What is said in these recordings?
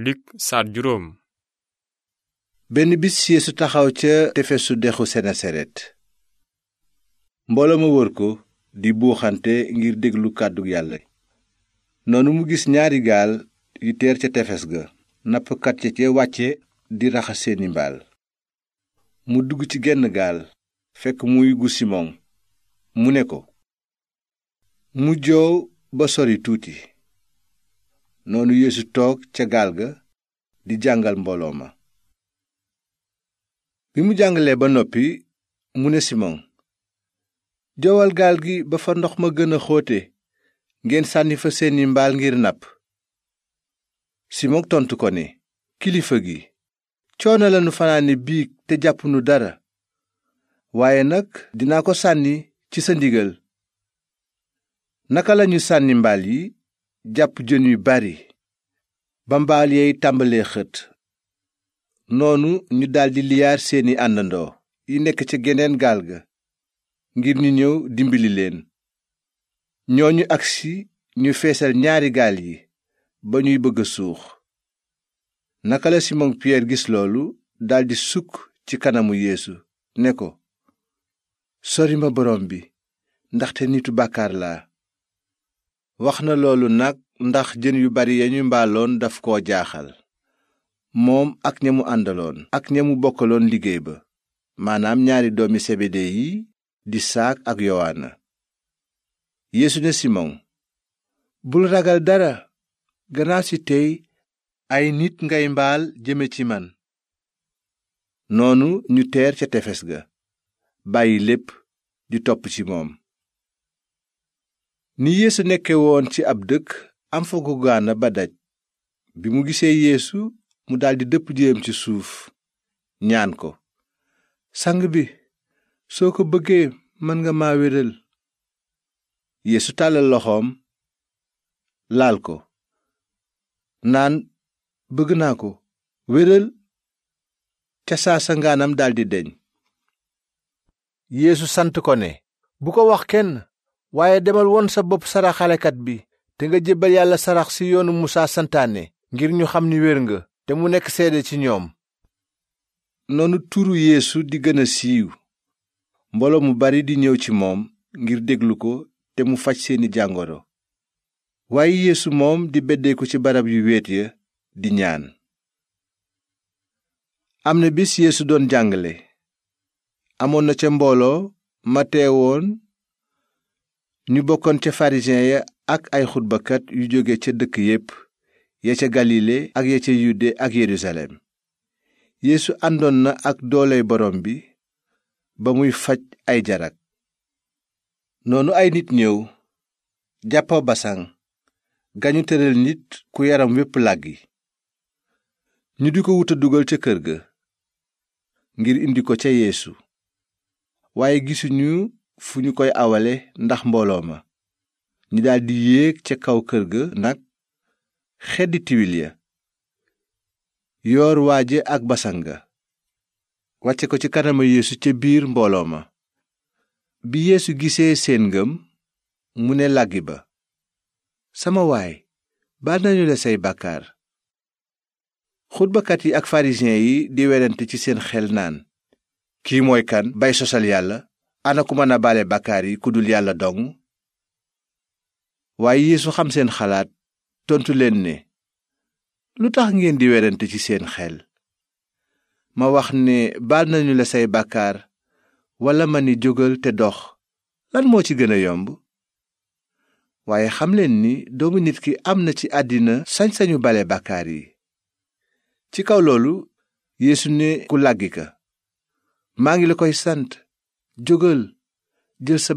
Luk juróom benn bis yeesu taxaw ca tefesu dexu senasaret mbooloo ma wër ko di buuxante ngir déglu kàddu yàlla noonu mu gis ñaari gaal yu teer ca tefes ga nappkat ya ca wàcce di raxas seeni mbaal mu dugg ci genn gaal fekk muy gu simon mu ne ko mu joow ba sori tuuti noonu yeesu toog ca gaal ga di jàngal mbooloo ma bi mu jàngalee ba noppi mu ne simon joowal gaal gi ba fa ndox ma gën a xóote ngeen sànni fa seeni mbaal ngir napp simon tontu ko ne kilifa gi coono lanu fanaane biig te jàppunu dara waaye nag dinaa ko sànni ci sa ndigal naka lañu sànni mbaal yi jàpp jën yu bari ba mbaal yey tàmbalee xët noonu ñu daldi liyaar seeni àndandoo yi nekk ca geneen gaal ga ngir ñu ñëw dimbali leen ñooñu agsi ñu feesal ñaari gaal yi ba ñuy bëgg a suux naka la Simon Pierre gis loolu daldi sukk ci kanamu yéesu ne ko sori ma borom bi ndaxte nitu bàkkaar laa wax na loolu nag ndax jën yu bari ya ñu mbaaloon daf koo jaaxal moom ak ña mu àndaloon ak ña mu bokkaloon liggéey ba maanaam ñaari doomi sebede yi di saak ak yowaana yeesu ne simoŋ bul ragal dara gannaaw si tey ay nit ngay mbaal jëme ci man noonu ñu teer ca tefes ga bàyyi lépp di topp ci moom ni yeesu nekke woon ci ab dëkk am fa ku gaana ba daj bi mu gisee yéesu mu daldi dëpp jéem ci suuf ñaan ko sang bi soo ko bëggee mën nga ma wéral yéesu tàllal loxoom laal ko naan bëgg naa ko wéral ca saa sa ngaanam daldi deñ yéesu sant ko ne bu ko wax kenn waaye demal woon sa bopp saraxalekat bi te nga jébbal yàlla sarax si yoonu musaa santaane ngir ñu xam ni wér nga te mu nekk seede ci ñoom noonu turu yéesu di gëna a siiw mbooloo mu bari di ñëw ci moom ngir déglu ko te mu faj seeni jàngoro waaye yeesu moom di beddeeku ci barab yu wéet ya di ñaan am na bis yeesu doon jàngale amoon na ca mbooloo ma ñu bokkoon ca farisiyen ya ak ay xutbakat yu jóge ca dëkk yépp ya ca galile ak ya ca yude ak yerusalem yéesu àndoon na ak doole borom bi ba muy faj ay jarag noonu ay nit ñëw jàppa basan gañu tëral nit ku yaram wépp làggi ñu di ko wuta dugal ca kër ga ngir indi ko ca yéesu waaye gisuñu fu ñu koy awale ndax mbooloo ma ñu daldi yéeg ca kaw kër ga nag xeddi tiwil ya yoor waaje ak basan ga wàcce ko ci kanama yeesu ca biir mbooloo ma bi yéesu gisee seen ngëm mu ne làggi ba sama waay baal nañu la say bàkkaar xutbakat yi ak farisiyen yi di werante ci seen xel naan kii mooy kan bay sosal yàlla ana ku mën a baale bàkkaar yi ku dul yàlla dong waaye yeesu xam seen xalaat tontu leen ne lu tax ngeen di werante ci seen xel ma wax ne baal nañu la say bàkkaar walla ma ni jógal te dox lan moo ci gën a yomb waaye xam leen ni doomu nit ki am na ci àddina sañ-sañu bale bàkkaar yi ci kaw loolu yéesu ne ku làggi ka maa ngi la koy sant jógal jël sa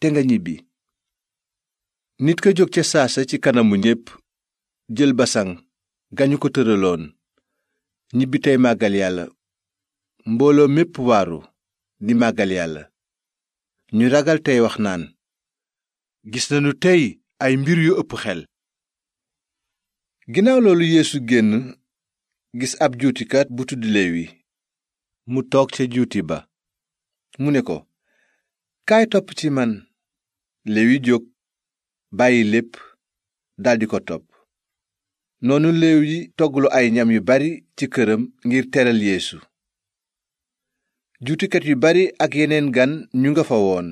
te nga ñibbi nit ka jóg ca saasa ci kanamu ñépp jël basaŋ gañu ko tëraloon ñibbi tey màggal yàlla mbooloo mépp waaru di màggal yàlla ñu ragal tey wax naan gis nañu tey ay mbir yu ëpp xel ginnaaw loolu yéesu génn gis ab juutikat bu tudd lewi mu toog ca juuti ba mu ne ko kaay topp ci man léewi jóg bàyyi lépp daldi ko topp noonu yi togglu ay ñam yu bari ci këram ngir teral yéesu juutikat yu bari ak yeneen gan ñu nga fa woon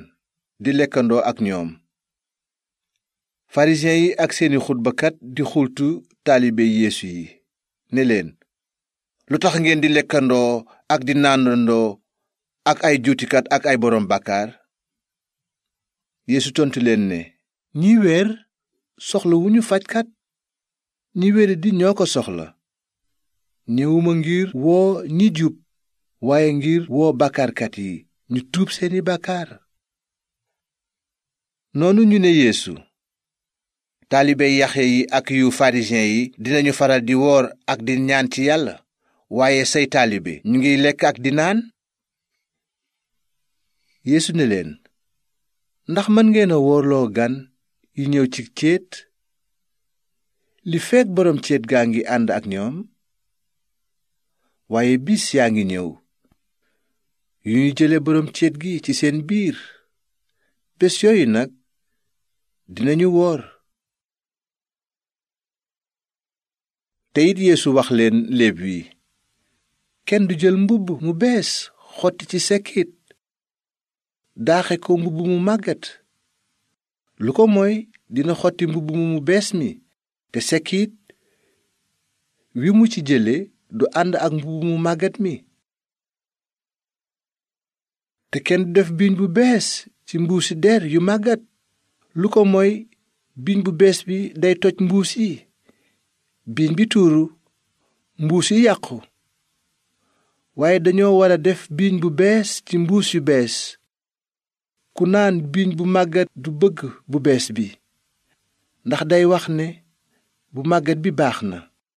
di lekkandoo ak ñoom farisiyen yi ak seeni xutbakat di xultu taalibe yéesu yi ne leen lu tax ngeen di lekkandoo ak di naandandoo ak ay juutikat ak ay boroom bàkkaar yeesu leen ne ñi wér soxla wu ñu fajkat ñi wéradi ñoo ko soxla ñëwuma ngir woo ñi jub waaye ngir woo bàkkaarkat yi ñu tuub seeni bàkkaar noonu ñu ne yéesu taalibe yaxe yi ak yu farisiyen yi dinañu faral di woor ak di ñaan ci yàlla waaye say taalibe ñu ngiy lekk ak di naan yeesu ne leen ndax mën ngeen a woorloo gan yu ñëw ci céet li feek boroom céet gaa ngi ànd ak ñoom waaye bis yaa ngi ñëw yu ñu jële boroom céet gi ci seen biir bés yooyu nag dinañu woor te it wax leen léeb wi kenn du jël mbubb mu bees xotti ci sekit daaxe ko mbubb mu màggat lu ko moy dina xotti mbubb mu bees mi te sekkiit wi mu ci jële du ànd ak mbubb mu màggat mi te kenn def biiñ bu bees ci mbuus mbuusi der yu màggat lu ko moy biiñ bu bees bi day toj mbuus yi biiñ bi tuuru mbuus yi yàqu waaye dañoo war a def biiñ bu bees ci mbuus yu bees ku naan biiñ bu màggat du bëgg bu bees bi ndax day wax ne bu màggat bi baax na